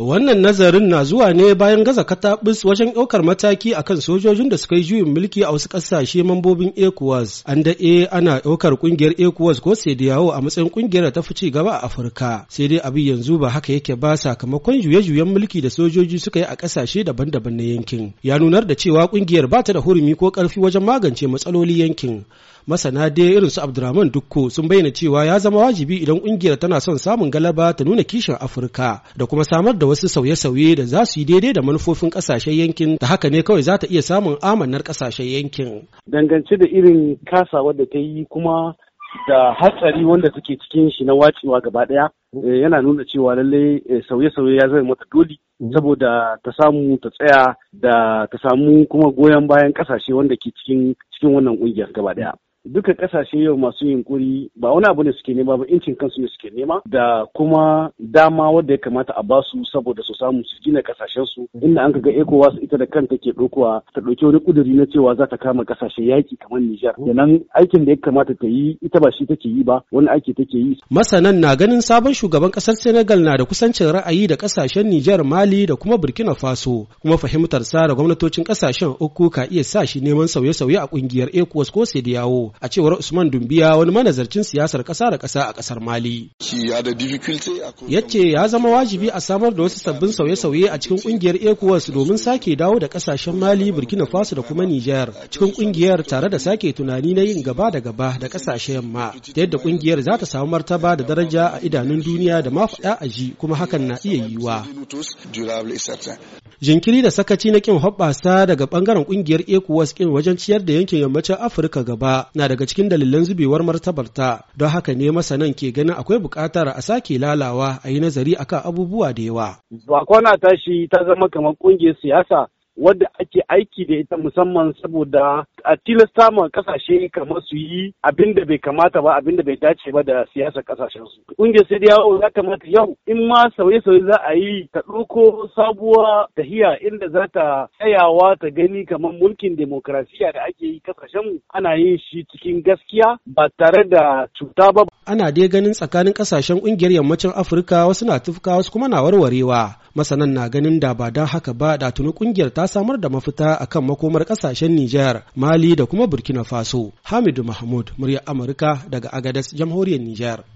Wannan nazarin na zuwa ne bayan gaza kataɓis wajen ɗaukar mataki a kan sojojin da suka yi juyin mulki a wasu ƙasashe mambobin ECOWAS. An daɗe ana ɗaukar ƙungiyar ECOWAS ko Sediyawo a matsayin ƙungiyar da ta fi ci gaba a Afirka. Sai dai abin yanzu ba haka yake ba sakamakon juye-juyen mulki da sojoji suka yi a ƙasashe daban-daban na yankin. Ya nunar da cewa ƙungiyar ba ta da hurumi ko ƙarfi wajen magance matsaloli yankin. Masana dai irin su Abdurrahman Dukko sun bayyana cewa ya zama wajibi idan ƙungiyar tana son samun galaba ta nuna kishin Afirka da kuma samar da da wasu sauye-sauye da za su yi daidai da manufofin ƙasashen yankin da haka ne kawai za ta iya samun amanar kasashen yankin. Dangance da irin kasawa da ta yi kuma da hatsari wanda suke cikin shi na wacewa gaba daya eh, yana nuna cewa lallai eh, sauye-sauye ya zama mata doli saboda ta samu ta tsaya da ta samu kuma goyon bayan ƙasashe wanda ke cikin cikin wannan ƙungiyar gaba daya duka kasashe yau masu yunkuri ba wani abu ne suke nema ba incin kansu ne suke nema da kuma dama wadda ya kamata a basu saboda su samu su gina kasashen su inda an ga ECOWAS ita da kanta ke dokowa ta ɗauki wani kuduri na cewa za ta kama kasashe yaki kamar Nijar kenan aikin da ya kamata ta yi ita ba shi take yi ba wani aiki take yi masanan na ganin sabon shugaban kasar Senegal na da kusancin ra'ayi da kasashen Nijar Mali da kuma Burkina Faso kuma fahimtar sa da gwamnatocin kasashen uku ka iya sa shi neman sauye-sauye a kungiyar ECOWAS ko yawo a cewar Usman Dumbiya wani manazarcin siyasar ƙasa da ƙasa a ƙasar Mali. Ya ce ya zama wajibi a samar da wasu sabbin sauye-sauye a cikin ƙungiyar ECOWAS domin sake dawo da ƙasashen Mali, Burkina Faso da kuma Nijar cikin ƙungiyar tare da sake tunani na yin gaba da gaba da ƙasashe yamma ta yadda ƙungiyar za ta samu martaba da daraja a idanun duniya da mafaɗa a ji kuma hakan na iya yiwuwa. jinkiri da sakaci na kin hoɓɓasa daga ɓangaren ƙungiyar ECOWAS kin wajen ciyar da yankin yammacin Afirka gaba na daga cikin dalilan zubewar martabarta don haka ne masanan ke ganin akwai buƙatar a sake lalawa a yi nazari akan abubuwa da yawa. Ba na tashi ta zama kamar ƙungiyar siyasa wadda ake aiki da ita musamman saboda a tilasta ma kasashe kamar su yi abin da bai kamata ba abin da bai dace ba da siyasar kasashen su kungiyar sai yawo ya kamata yau in ma sauye-sauye za a yi ta ɗauko sabuwa tahiya inda za ta tsayawa ta gani kamar mulkin demokrasiya da ake yi kasashen ana yin shi cikin gaskiya ba tare da cuta ba ana dai ganin tsakanin kasashen kungiyar yammacin afirka wasu na tufka wasu kuma na warwarewa masanan na ganin da ba don haka ba da tuni kungiyar ta samar da mafita akan makomar kasashen nijar Mali da kuma Burkina Faso. Hamidu Mahmud, murya Amurka daga Agadez, Jamhuriyar Nijar.